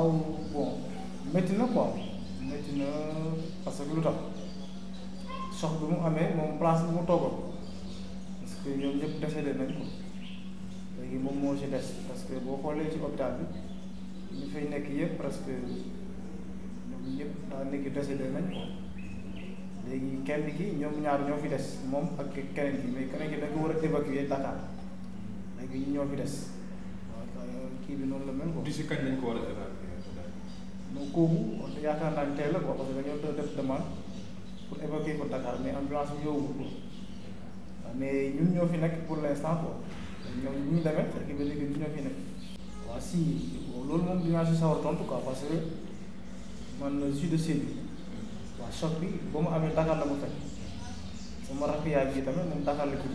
waaw bon métti na quoi métti na parce que lu tax sox bi mu amee moom place bi mu toogoon parce que ñoom ñëpp décédé nañ ko léegi moom moo ci des parce que boo xoolee ci hôpital bi ñu fay nekk yëpp presque ñoom ñëpp daa nekk décédé nañ léegi kenn ki ñoom ñaar ñoo fi des moom ak keneen bi mais keneen ki dañ ko war a évacuer Dakar léegi ñu ñoo fi des waaw kii bi noonu la mel ko. d'ici ko war donc kooku yaakaar naa ne tey la quoi parce que dañoo def demande pour évacuer ko Dakar mais ambulance bi ñëwagul quoi mais ñun ñoo fi nekk pour l' instant quoi ñoom ñu ñu demee fekk ba léegi ñun ñoo si loolu moom dinaa si sawar tontu quoi parce que man de Sédhiou waaw bi ba mu amee Dakar la ko fekk sama rafet bi tamit ji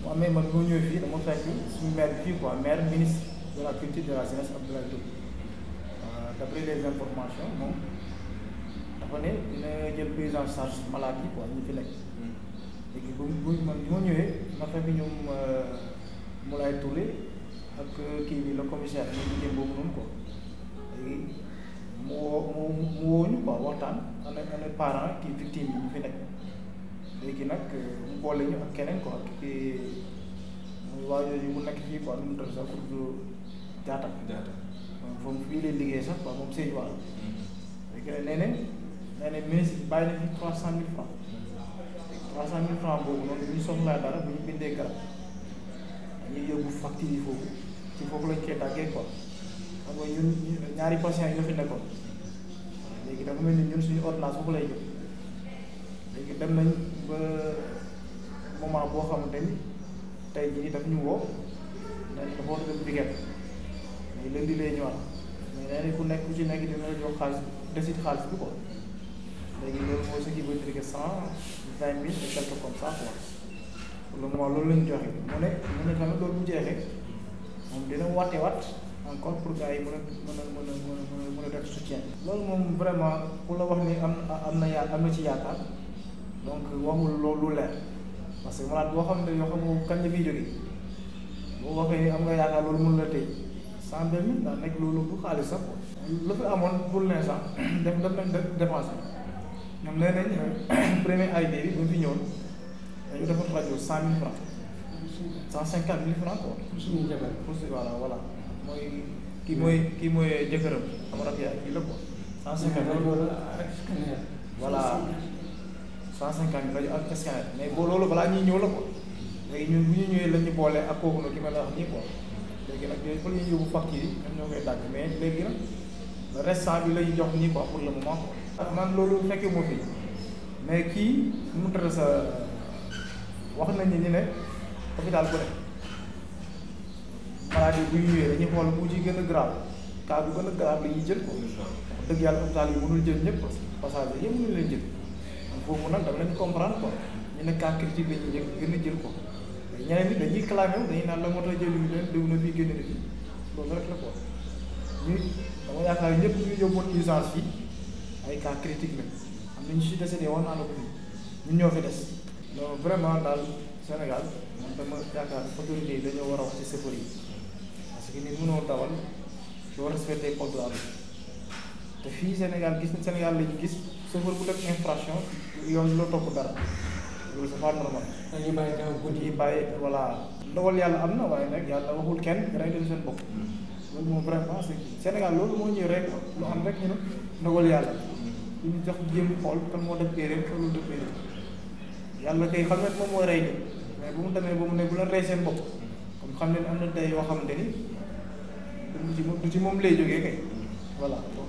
mu amee man boo ñëwee fii dama fekk suñu maire bi fii quoi maire ministre de la culture de la jeunesse Abdoulaye Diop. pris les informations moom dafa ne dina jël prise en charge malade yi quoi ñu fi nekk. Hmm. léegi ba bu man bi ma ñëwee ma fekk ñoom euh, Moulay Touré ak euh, kii bi le commissaire ñu liggéey boobu noonu quoi léegi mu woo mu mu woo ñu quoi waxtaan ana ana parents kii victime yi ñu fi nekk léegi nag euh, mu boole ñu ak keneen quoi kii muy waajur yi mu nekk fii quoi nu mu tudd sax jaata jaata moom fii leen liggéey sax quoi moom Sédhiou waaw. Hmm. léegi nee nañ nee nañ bàyyi na trois cent mille francs trois cent mille francs boobu noonu bu ñu soxlaa dara bu ñu bindee garab dañuy yóbbu facture yi foofu ci foofu lañ koy tàggee quoi xam nga ñun ñaari patients yi ñoo fi nekkoon léegi dafa mel ni ñun suñu ordonnance foofu lay jóg léegi dem nañ ba moment boo xamante ni tey jii daf ñu woo dañ dafa war a dem ay lundi lay ñëwaat mais nee na ku nekk ku ci nekk dina la jox xaalis desit xaalis bi quoi léegi loolu mooy ce qui veut dire que cent vingt loolu la joxe mu ne loolu bu jeexee moom dina watewaat encore yi mën mën a mën a mën a mën moom vraiment ku la wax ni am na am na yaa am na ci yaakaar donc waxul loolu leer parce que malade boo xam ne yoo xam ne kañ la fiy jógee boo waxee am nga yaakaar loolu mën la tey. cent deux mille daa nekk loolu bu xaalis sax lu fi amoon pour l'instant dem def nañ dépensé ñoom nee nañ premier ID bi bu ñu fi ñëwoon dañu defoon rajo cent mille francs cent cinquante mille francs quoi pour suñu jabar pour suñu voilà voilà mooy kii mooy kii mooy jëkkëram am rak yaay kii la quoi cent cinquante mille voilà cent cinquante mille rajo ak scanner mais boo loolu balaa ñuy ñëw la quoi léegi ñun bu ñu ñëwee lañu boole ak kooku noonu ki ma la wax nii quoi léegi nag yooyu pour ñu yóbbu fakkiir yi ñoom ñoo koy dàgg mais léegi nag restant bi lañu jox ñi quoi pour le moment quoi. man loolu fekkee moo fi mais kii mu tëdd sa wax nañ ni ñu ne hôpital bu ne maladie bu ñëwee dañuy xool bu ci gën a grave cas bu gën a grave la ñuy jël ko wax dëgg yàlla hôpital yi mënul jël ñëpp passage yëpp mënul leen jël foofu nag dama leen comprendre quoi ñu ne cas critique la ñuy jël gën a jël ko ñeneen ñi dañuy clamé wu dañuy naan la moo tax jëliñu leen diw na fii génn na fii loolu rek la ko ñu dama yaakaar ñëpp ñu yóbboon urgence bi ay cas am na ñu si décédé woon naa la ko fi des donc vraiment daal Sénégal man dama yaakaar autorité yi dañoo war a wax ci sëfër yi parce que ni mënoo dawal soo respecté code de la te fii Sénégal gis na Sénégal lañu gis sëfër bu def infraction yoon loo topp dara loolu c'est pas normal. dañuy bàyyi kaw guddi yi bàyyi voilà. ndogal yàlla am na waaye nag yàlla waxul kenn rek seen bopp. Hmm. loolu moom vraiment c'est Sénégal loolu moo ñuy rek lu am rek ñu ne ndogal yàlla. ñu hmm. ñu jox jéem xool kan moo dëppee rek kan moo dëppee rek yàlla kay xam ne moom moo rey nii mais bu mu demee ba mu ne bu leen rey seen bopp. comme xam ne am na day yoo xamante ni du ci moom du ci moom lay jógee kay voilà.